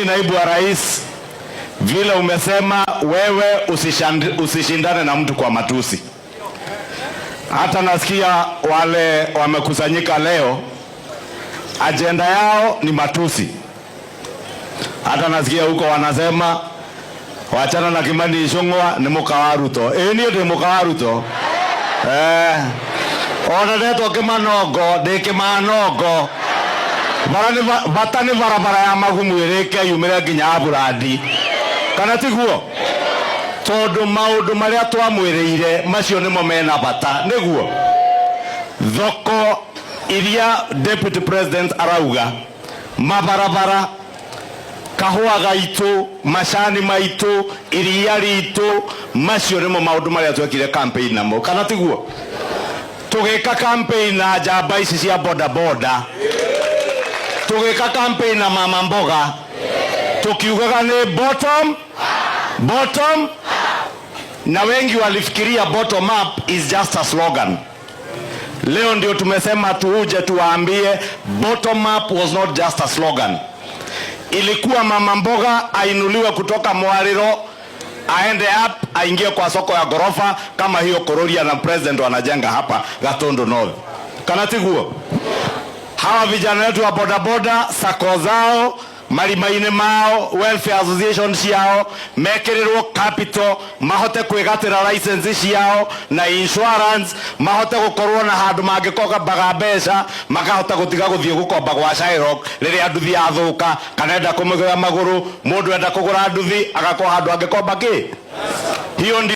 Naibu wa Rais, vile umesema wewe usishindane na mtu kwa matusi. Hata nasikia wale wamekusanyika leo, ajenda yao ni matusi. Hata nasikia huko wanasema wachana na Kimani Ichung'wa ni muka wa Ruto. Ĩĩ niĩ ndĩ muka wa Ruto eh, eh oneretwo kĩmanongo ndĩ kĩmanongo bata nä barabara ya magumu ä rä ke yumä re nginya aburandi kana tiguo tondå maå ndå marä a twamwä rä ire macio nä mo mena bata nä guo thoko iria deputy president arauga mabarabara kahua gaitå macani maitå iria ritå macio nä mo maå ndå marä a twekire namo kana tiguo tå gä ka campaign na njamba ici cia bodaboda tugika campaign na mama mboga tukiugaga ni bottom bottom, na wengi walifikiria bottom up is just a slogan. Leo ndio tumesema tuuje tuwaambie bottom up was not just a slogan. Ilikuwa mama mboga ainuliwe kutoka mwariro aende up aingie kwa soko ya gorofa kama hiyo Kororia na president wanajenga hapa gatondo North, kana tiguo hawa vijana wetu wa bodaboda, sako zao marimaine mao welfare association ciao mekerirwo capital mahote kwigatira license ciao na insurance mahote gukorwo na handu mangikoga baga mbeca makahota gutiga guthie gukomba gwa Shylock riria nduthi yathuka kana enda kumugira maguru mundu enda kugura nduthi agakorwo handu angikomba ki hiyo